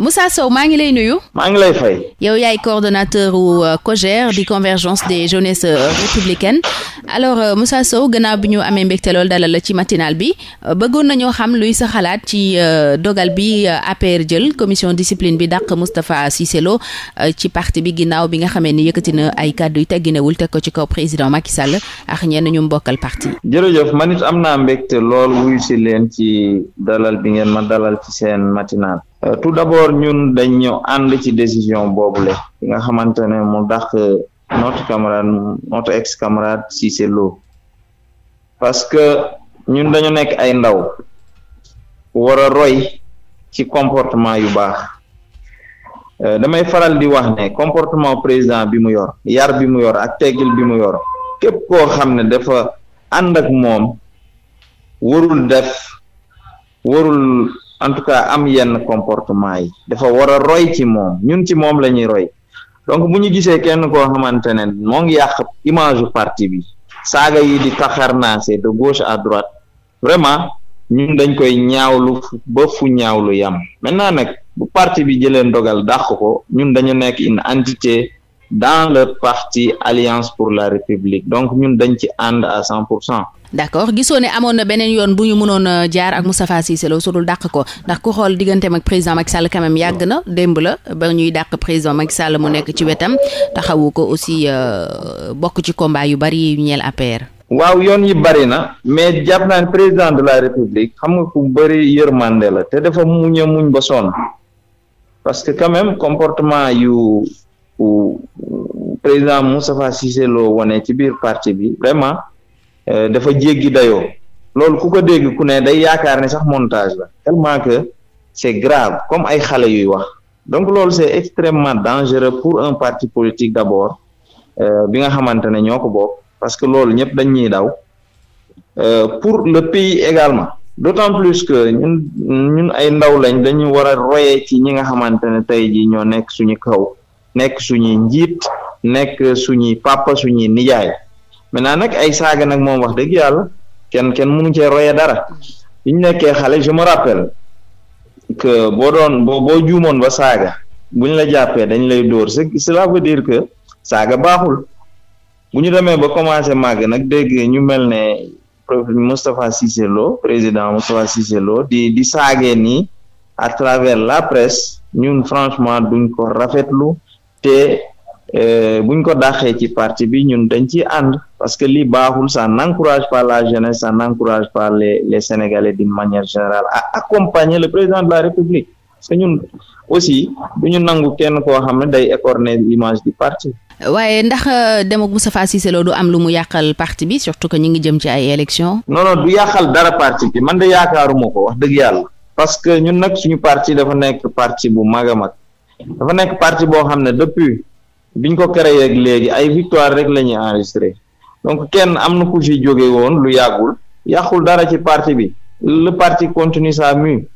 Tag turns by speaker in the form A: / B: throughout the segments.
A: Moussa Sow maa ngi lay nuyu. maa ngi lay fay. yow yaay coordonnateur wu euh, COJER di convergence des jeunesses euh, républicaines alors euh, Moussa Sow gannaaw bi ñu amee mbégte lool dalal la ci matinal bi bëggoon nañoo xam luy sa xalaat ci dogal bi APR jël commission discipline bi dàq Moustapha Cissé Lo ci parti bi ginnaaw bi nga xamee ni yëkkati na ay kàddu yu tegginewul teg ko ci kaw président Macky Sall ak ñenn ñu mbokkal parti.
B: jërëjëf ma it am naa mbégte lool wuyu si leen ci dalal bi ngeen ma dalal ci Euh, tout d'abord ñun dañu ànd ci décision boobule ki nga xamante ne mu dàq euh, notre camarade notre ex camarade Cissé Lo parce que ñun dañu nekk ay ndaw war a roy ci comportement yu baax euh, damay faral di wax ne comportement président bi mu yor yar bi mu yor ak teggil bi mu yor képp koo xam ne dafa ànd ak moom warul en tout cas am yenn comportement yi dafa war a roy ci moom ñun ci moom la ñuy roy donc bu ñu gisee kenn koo xamante ne moo ngi yàq image u parti bi saaga yi di taxarnaase de gauche à droite vraiment ñun dañ koy ñaawlu ba fu ñaawlu yam maintenant nag bu parti bi jëlee ndogal dàq ko ñun dañu nekk une entité dans le parti Alliance pour la République donc ñun dañ ci ànd à cent pour cent
A: d'accord gisoo ne amoon na beneen yoon bu ñu mënoon euh, jaar ak Moustapha Cissé Lo su dul dàq ko ndax ku xool digganteem ak président Macky Sall quand yàgg na démb la ba ñuy dàq président Macky Sall mu nekk ci wetam taxawu ko aussi euh, bokk ci combat yu bari yu ñeel
B: waaw yoon yi bari na mais jàpp naa président la xam nga ku bëri yërmande la te dafa muñ a ba sonn parce que quand comportement yu président Moustapha Cissé ci biir partie bi vraiment. Euh, dafa jéggi dayoo loolu ku ko dégg ku ne day yaakaar ne sax montage la tellement que c'est grave comme ay xale yuy wax donc loolu c'est extrêmement dangereux pour un parti politique d'abord euh, bi nga xamante ne ñoo ko bokk parce que loolu ñëpp dañuy ñuy daw euh, pour le pays également d'autant plus que ñun ay ndaw lañ dañu war a royee ci ñi nga xamante ne tey jii ñoo nekk suñu kaw nekk suñuy njiit nekk suñuy papa suñuy nijaay maintenant nag ay saaga nag moom wax dëgg yàlla kenn kenn mënu cee roye dara biñ nekkee xale je me rappelle que boo doon boo boo juumoon ba saaga buñ la jàppee dañ lay dóor ce cela veut dire que saaga baaxul bu ñu demee ba commencé màgg nag dégg ñu mel ne Moustapha Cissé président Moustapha Cissé Lo di di saagee nii à travers la presse ñun franchement duñ ko rafetlu te bu eh, buñ ko dàqee ci parti bi ñun dañ ci ànd parce que li baaxul ça n'encourage pas la jeunesse ça n'encourage pas les les sénégalais d'une manière générale a accompagner le président de la république parce que ñun aussi du ñu nangu kenn koo xam ne day écorner l'image du parti.
A: waaye ndax euh, demok Moustapha Cissé Lo du am lu mu yàqal parti bi surtout que ñu ngi jëm ci ay élections. non non du yàqal
B: dara parti bi man de yaakaaruma ko wax dëgg yàlla parce que ñun nag suñu parti dafa nekk parti bu mag a mag boo xam ne depuis. biñ ko créé ak léegi ay victoire rek la ñuy enregistré donc kenn am na ku ci jóge woon lu yàggul yàqul dara ci parti bi le parti continue sa mue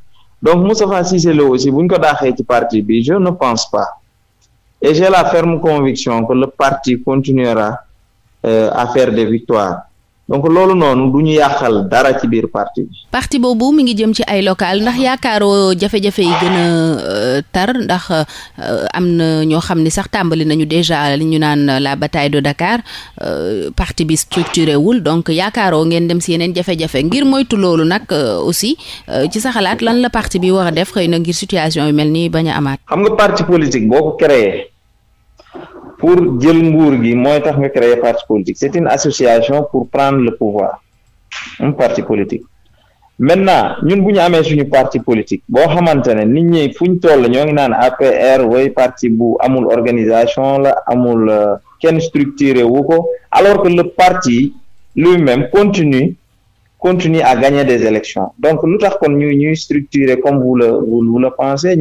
B: donc Moustapha Cissé Lo aussi buñ ko daaxee ci parti bi je ne pense pas et j'ai la ferme conviction que le parti continuera euh, à faire des victoires donc loolu noonu du ñu yàqal dara ci biir parti bi.
A: parti boobu mi ngi jëm ci ay local ndax yaakaaroo jafe-jafe yi gën euh, tar ndax euh, am na ñoo xam ni sax tàmbali nañu déjà li ñu naan la bataille de Dakar euh, parti bi structuré wul donc yaakaaroo ngeen dem si yeneen jafe-jafe ngir moytu loolu nag aussi ci sa xalaat lan la parti bi wax def xëy na ngir situation yu mel nii bañ
B: a amaat. xam nga parti politique boo ko créé pour jël nguur gi mooy tax nga créer parti politique c'est une association pour prendre le pouvoir un politique maintenant ñun bu ñu amee suñu parti politique boo xamante ne nit ñi fu ñu toll ñoo ngi naan APR way parti bu amul organisation la amul euh, kenn structuré wu ko alors que le parti lui-même continue continue à gagner des élections donc lu tax kon ñu ñuy structuré comme vous le vous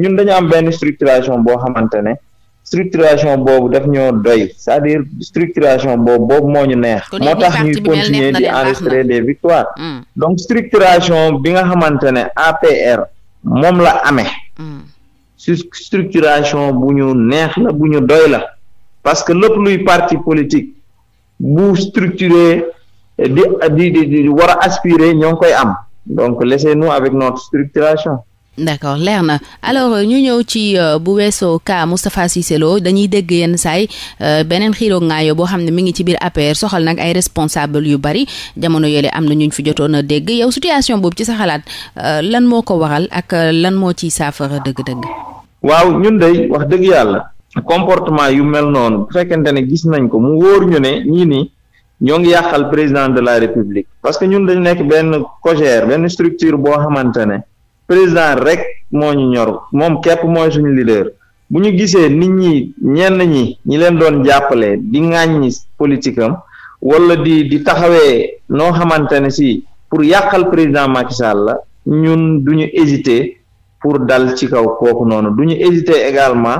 B: ñun dañu am benn structuration boo xamante ne structuration boobu def ñoo doy c'est-à-dire structuration boobu boobu moo ñu neex moo tax ñuy continuer di enregistrer des victoires hmm. donc structuration bi nga xamante ne APR moom la amee hmm. structuration bu ñu neex la bu ñu doy la parce que lépp luy parti politique bu structuré di di di war a aspirer ñoo ngi koy am donc laissez-nous avec notre structuration
A: d'accord leer na alors euh, ñu ñëw ci euh, bu weesoo kaamu Moustapha Cissé dañuy dégg yenn saay euh, beneen xiiroo ngaayo boo xam ne mu ngi ci biir APR soxal nag ay responsable yu bari jamono yële am na ñu fi jotoon a dégg yow situation boobu ci sa xalaat lan moo ko waral ak lan moo ci saafara dëgg-dëgg.
B: waaw ñun day wax dëgg yàlla comportement yu mel noonu bu fekkente ne gis nañ ko mu wóor ñu ne ñii nii ñoo ngi yàqal président de la république parce que ñun dañu benn COJER benn structure boo xamante ne. président rek moo ñu ñor moom képp mooy suñu leader bu ñu gisee nit ñi ñenn ñi ñi leen doon jàppale di ŋàññi politique am wala di di taxawee noo xamante ne si pour yàqal président Macky Sall la ñun du ñu hésiter pour dal ci kaw kooku noonu du ñu hésiter également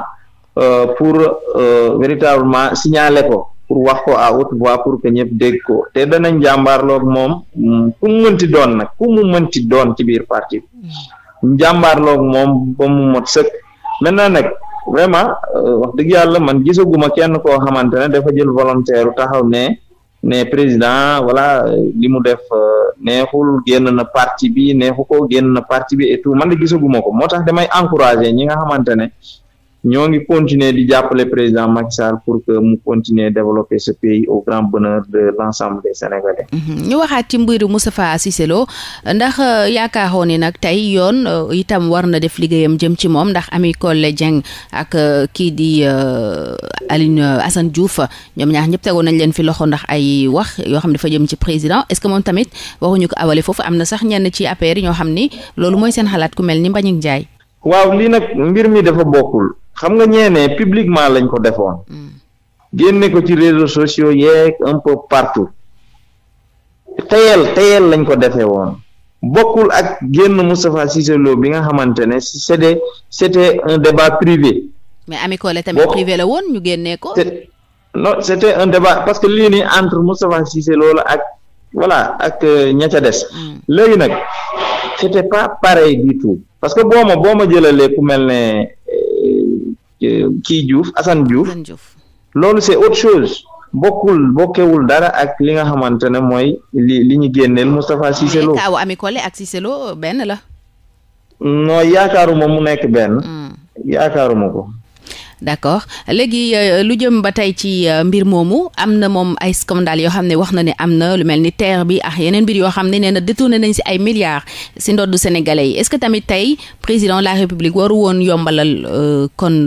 B: euh, pour euh, véritablement signaler ko pour wax ko à haute voix pour que ñëpp dégg ko te danañ jàmbaarloog moom ku mu mënti doon nag ku mu mënti doon ci biir parti bi mm. jàmbaarloog moom ba mu mot sëkk maintenant nag vraiment euh, wax dëgg yàlla man gisaguma kenn koo xamante ne dafa jël volontaire taxaw ne ne président wala li mu def euh, neexul génn na parti bi neexu ko génn na parti bi et tout man de gisaguma ko moo tax damay encourager ñi nga xamante ñoo ngi continuer di jàppale président Macky Sall pour que mu continuer développer ce pays au grand bonheur de l'ensemble des Sénégalais. Mhm.
A: ñu waxaat ci mbiru Moustapha Cissé Lo ndax euh, yaakaaroon ni nag tey yoon euh, itam war na def liggéeyam jëm ci moom ndax Ami Collé Dieng ak euh, kii di Aline Assane Diouf ñoom ñaar ñëpp tegoon nañ leen fi loxo ndax ay wax yoo xam ne dafa jëm ci président est-ce que moom tamit waxuñu ko awale foofu am na sax ñenn ci APR ñoo xam ni loolu mooy xalaat ku mel ni Mbagnick Ndiaye.
B: waaw lii xam nga ñeenee publiquement lañ ko defoon hmm. génne ko ci réseaux sociaux yeeg un peu partout teyel teyel lañ ko defe woon bokkul ak génn Moustapha Cissé Lo bi nga xamante ne c'était c'était un débat privé.
A: mais Ami Collé tamit privé la woon ñu génnee ko.
B: non c'était un débat parce que lii nii entre Moustapha Cissé Lo la ak voilà ak euh, ña ca des. Hmm. léegi nag c'était pas pareil du tout parce que boo ma boo ma jëlalee ku mel ne kii Diouf Assane Diouf loolu c'est autre chose bokkul bokkewul dara ak li nga xamante ne mooy li li ñu génneel Moustapha Cissé Lo kaawu
A: Ami Collé ak si Lo benn la
B: non yaakaaruma mu nekk benn hmm. yaakaaruma ko
A: d'accord léegi euh, lu jëm ba tey ci euh, mbir moomu am na moom ay scandale yoo xam ne wax na ne am na lu mel ni terre bi ak yeneen mbir yoo xam ne nee na détourné nañ si ay milliards si ndoddu sénégalais yi est-ce que tamit tey président de la république waru woon yombalal euh, kon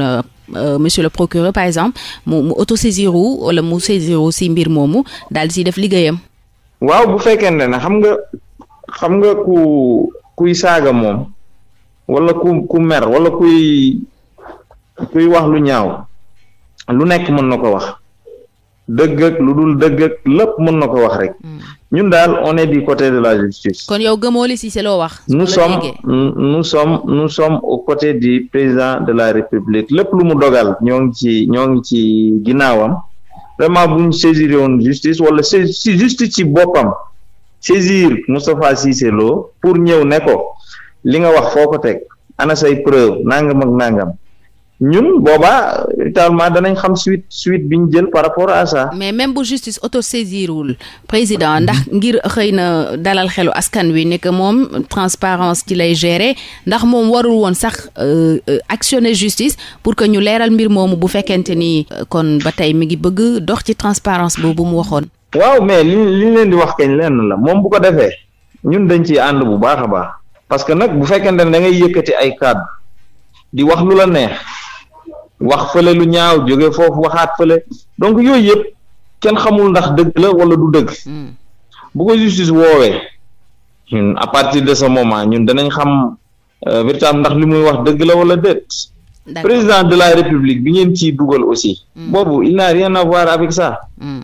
A: monsieur le procureur par exemple mu mu autosaisir wu wala mu saisir wu si mbir moomu daal di si def liggéeyam.
B: waaw bu fekkente ne xam nga xam nga ku kuy saaga moom wala ku ku mer wala kuy. kuy wax lu ñaaw lu nekk mën na ko wax dëgg lu dul dëgg ak lépp mën na ko wax rek hmm. ñun daal one est côté de la justice. kon yow gëmoo
A: li Cissé wax. nous sommes
B: nous som nous sommes au côté du président de la république lépp lu mu dogal ñoo ngi ci ñoo ngi ci ginnaawam vraiment bu ñu saisir woon justice wala si justice ci boppam saisir Moustapha Cissé Lo pour ñëw ne ko li nga wax foo ko teg ana say preuve nangam ak nangam. ñun boobaa littéralement danañ xam suite suite bi ñu jël par rapport à ça.
A: mais même bu justice autosaisirul président ndax ngir xëy na dalal xelu askan wi ne que moom transparence ci lay gérer ndax moom warul woon sax euh, euh, actionner justice pour que ñu leeral mbir moomu bu fekkente ni euh, kon ba tey mi ngi bëgg dox ci transparence
B: boobu mu waxoon. waaw mais li ñu leen di wax kañ lenn la moom bu ko defee ñun dañ ci ànd bu baax a baax parce que nag bu fekkente ni da ngay yëkkati ay cadre di wax lu la wax fële lu ñaaw jóge foofu waxaat fële donc yooyu yëpp kenn xamul ndax dëgg la wala du dëgg hmm. bu justice woowee ñun à partir de ce moment ñun danañ xam euh, véritable ndax li muy wax dëgg la wala déet
A: président de la république
B: bi ngeen ciy dugal aussi hmm. boobu il n'a rien à voir avec ça hmm.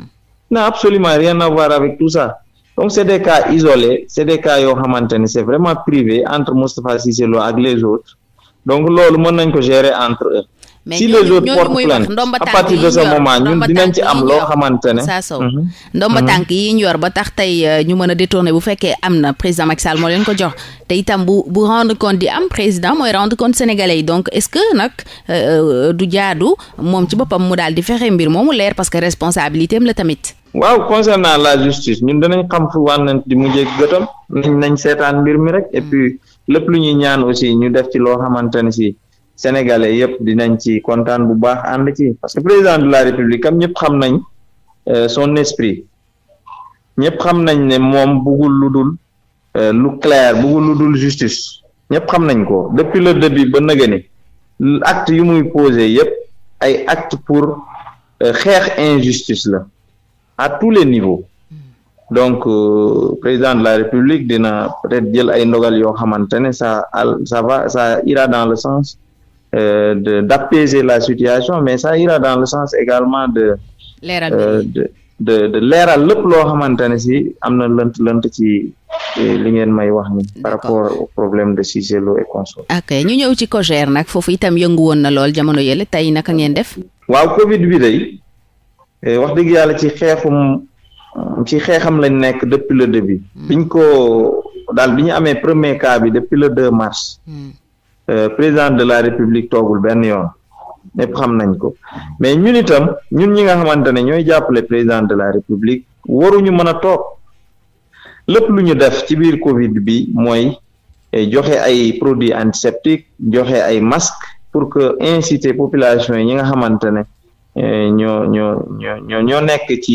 B: n'a absolument rien à voir avec tout ça donc c'est des cas isolés c'est des cas yoo xamante ne c'est vraiment privé entre Moustapha Cissé Lo ak les autres donc loolu mën nañ ko gérer entre si les autres portent plainte à partir de ce moment ñun dinañ ci am loo xamante ne saa mhm. ndomba mhm. tànk
A: yi ñu yor ba tax tey euh, ñu mën a détourner bu fekkee am na président Macky Sall moo leen ko jox te itam bu bu rend compte di am président mooy rendre compte sénégalais yi donc est-ce que nag euh, euh, du jaadu moom ci boppam mu daal di fexe mbir moomu leer parce que responsabilité am la tamit
B: waaw concernant la justice ñun danañ xam fu wànnant di mujjee gëtam nañ nañ seetaan mbir mi rek et puis lépp lu ñuy ñaan aussi ñu def ci loo xamante ne si sénégalais yëpp dinañ ci kontaan bu baax ànd ci parce que président de la république am ñëpp xam nañ euh, son esprit ñëpp xam nañ ne moom bëggul lu dul euh, lu clair bëggul lu dul justice ñëpp xam nañ ko depuis le début ba nëgëni acte yu muy posé yëpp ay acte pour euh, xeex injustice la à tous les niveaux donc euh, président de la république dina peut-être jël ay ndogal yoo xamante ne ça ça va ça ira dans le sens Euh, d'apaiser la situation mais sa ira dans le sens également de euh, de de de leeral lépp loo xamante ne si am na lënt lënt ci li ngeen may wax ni par rapport au problème de Cissé et consorts
A: ok ñu ñëw ci COJER nag foofu itam yëngu woon na lool jamono yële tey naka ngeen def
B: waaw covid bi day eh, wax dëgg yàlla ci xeexum ci xeexam lañ nekk depuis le début hmm. biñ ko daal bi ñu amee premier cas bi depuis le deux mars hmm. Euh, président de la république toogul benn yoon ñëpp xam nañ ko mais ñun itam ñun ñi nga xamante ne ñooy jàppale président de la république waruñu mën a toog lépp lu ñu def ci biir Covid bi mooy eh, joxe ay produits antiseptiques joxe ay masques pour que inciter population yi ñi nga xamante ne. Eh, ñoo ñoo ñoo ñoo nekk ci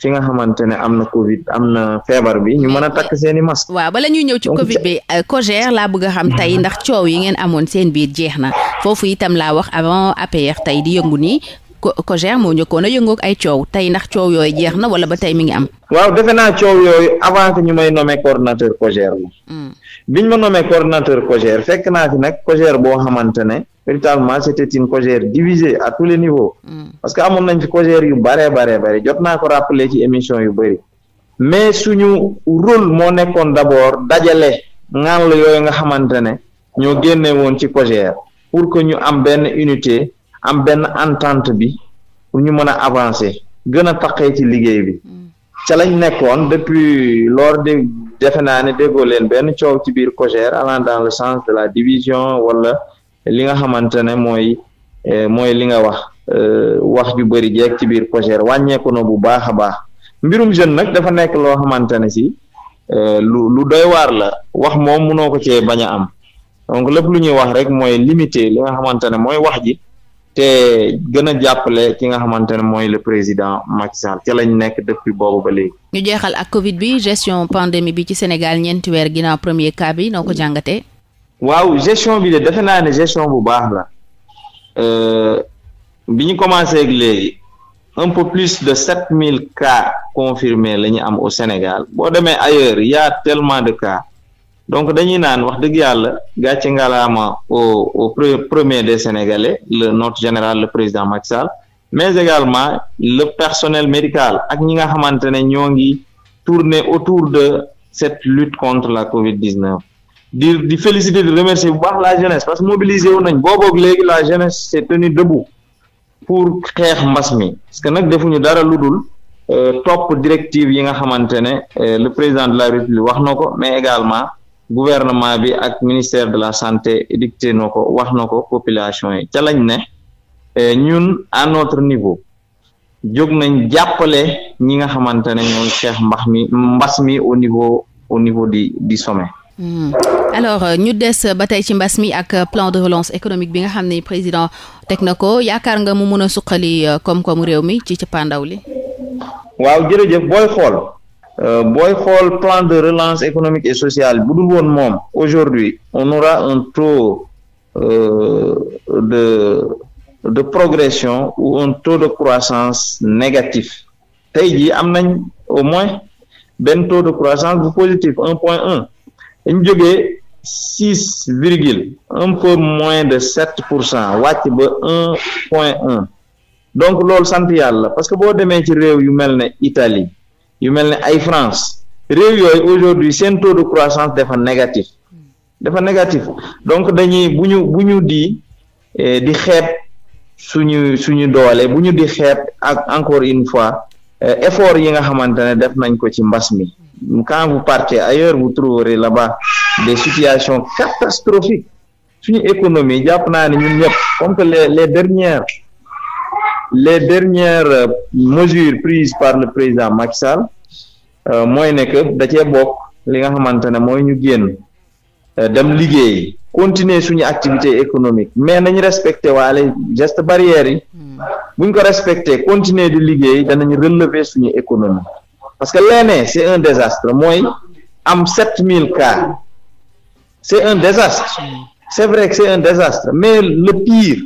B: fi nga xamante ne am na Covid am na feebar bi ñu mën a takk seen i masque. waaw bala ñuy ñëw ci
A: Covid bi euh, COJER laa bëgg a xam tey ndax coow yi ngeen amoon seen biir jeex na foofu itam laa wax avant APR tey di yëngu nii COJER moo njëkkoon a yëngoog ay coow tey ndax coow yooyu jeex na wala ba tey mi ngi am.
B: waaw defe naa coow yooyu avant que ñu may nommé coordonnateur COJER la. Hmm. biñ ma nommé coordonnateur COJER fekk naa fi nag COJER boo xamante ne véritablement c'était une COJER divisée à tous les niveaux. Hmm. parce que amoon nañ fi COJER yu bare bare bare jot naa ko rappeler ci émission yu bëri. mais suñu rôle moo nekkoon d'abord dajale ngaan la yooyu nga xamante ne ñoo génne woon ci COJER pour que ñu am benn unité am benn entente bi pour ñu mën a avancer gën a taqee ci liggéey bi mm. ca lañ nekkoon depuis lors de defe naa ne déggoo leen benn coow ci biir COJER allant dans le sens de la division wala li nga xamante ne mooy eh, mooy li nga wax euh, wax ju bëri jeeg ci biir COJER wàññeeku na bu baax a baax mbirum jeune nag dafa nekk loo xamante ne si euh, lu lu doy waar la wax moom mënoo ko cee bañ a am donc lépp lu ñuy wax rek mooy limité li nga xamante ne mooy wax ji te gën a jàppale ki nga xamante ne mooy le président Macky Sall ca lañ nekk depuis boobu ba léegi.
A: ñu jeexal ak Covid bi gestion pandémie bi ci Sénégal ñeenti weer ginnaaw premier cas bi noo ko jàngatee.
B: waaw gestion bi de defe naa ne gestion bu baax la euh, bi ñu commencé ak léegi un peu plus de sept mille cas confirmés la ñu am au Sénégal boo demee ayeur y tellement de cas. donc dañuy naan wax dëgg yàlla gàcce ngalaama au au premier des sénégalais le not général le président Macky Sall mais également le personnel médical ak ñi nga xamante ne ñoo ngi tourner autour de cette lutte contre la Covid 19. di di féliciter di remercier bu baax la jeunesse parce que mobiliser wu nañ booboog léegi la jeunesse s'est tenue debout pour xeex mbas mi parce que nag defuñu dara lu dul euh, topp directive yi nga xamante ne euh, le président de la république wax na ko gouvernement bi ak ministère de la santé dicté na ko wax na ko population yi ca lañ ne eh, ñun à notre niveau jóg nañ jàppale ñi nga xamante ne ñooy xeex mbax mi mbas mi au niveau au niveau di di sommet.
A: Hmm. alors euh, ñu des ba tey ci mbas mi ak euh, plan de relance économique bi nga xam ne président teg na ko yaakaar nga mu mun a suqali euh, koom-koomu réew mi ci ci pandaw li.
B: waaw jërëjëf booy xool. Euh, booy xool plan de relance économique et sociale bu dul woon moom aujourd'hui on aura un taux euh, de de progression ou un taux de croissance négatif tey jii am nañ au moins benn taux de croissance bu positif un point un dañu jógee six virgule un peu moins de sept pour cent wàcc ba un point un donc loolu sant yàlla parce que boo demee ci réew yu mel ne Italie yu mel ne ay France réew yooyu aujourd'hui seen taux de croissance dafa négatif dafa négatif donc dañuy bu ñu bu ñu di eh, di xeeb suñu suñu doole bu ñu di xeeb ak encore une fois eh, effort yi nga xamante ne def nañ ko ci mbas mi quand vous partez ailleurs vous trouverez là-bas des situations catastrophiques suñu économie jàpp naa ni ñun ñëpp comme que les les dernières les dernières euh, mesures prises par le président Macky Euh, mooy ne que da bokk li nga xamante ne mooy ñu génn euh, dem liggéey continuer suñu activité économique mais nañu respecté waale geste barrière yi hmm. buñ ko respecté continuer di liggéey danañ relever suñu économie parce que leenee c'est un désastre mooy am sept mille cas c'est un désastre hmm. c'est vrai que c'est un désastre mais le pire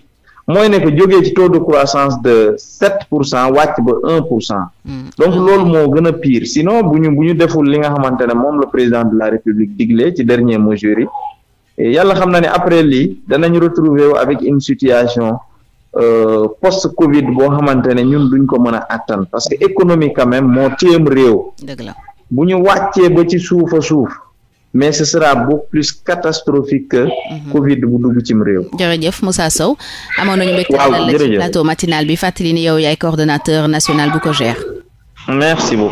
B: mooy ne que jógee ci taux de croissance de sept pour cent wàcc ba un pour cent hmm. donc loolu moo gën a pire sinon bu ñu bu ñu deful li nga xamante ne moom la président de la république digle ci dernier mesures yi yàlla xam na ne après lii danañ retrouver wu avec une situation euh, post covid boo xamante ne ñun duñ ko mën a attan parce que économie quand même moo téem réew bu wàccee ba ci suufa suuf mais ce sera beaucoup plus catastrophique que mhm. Covid bu dugg cim réew.
A: jërëjëf Moussa Sow amoon nañu mbégte dalal la ci plateau matinal bi fàttali ni yow yaay coordonnateur national bu ko gère.
B: merci beaucoup.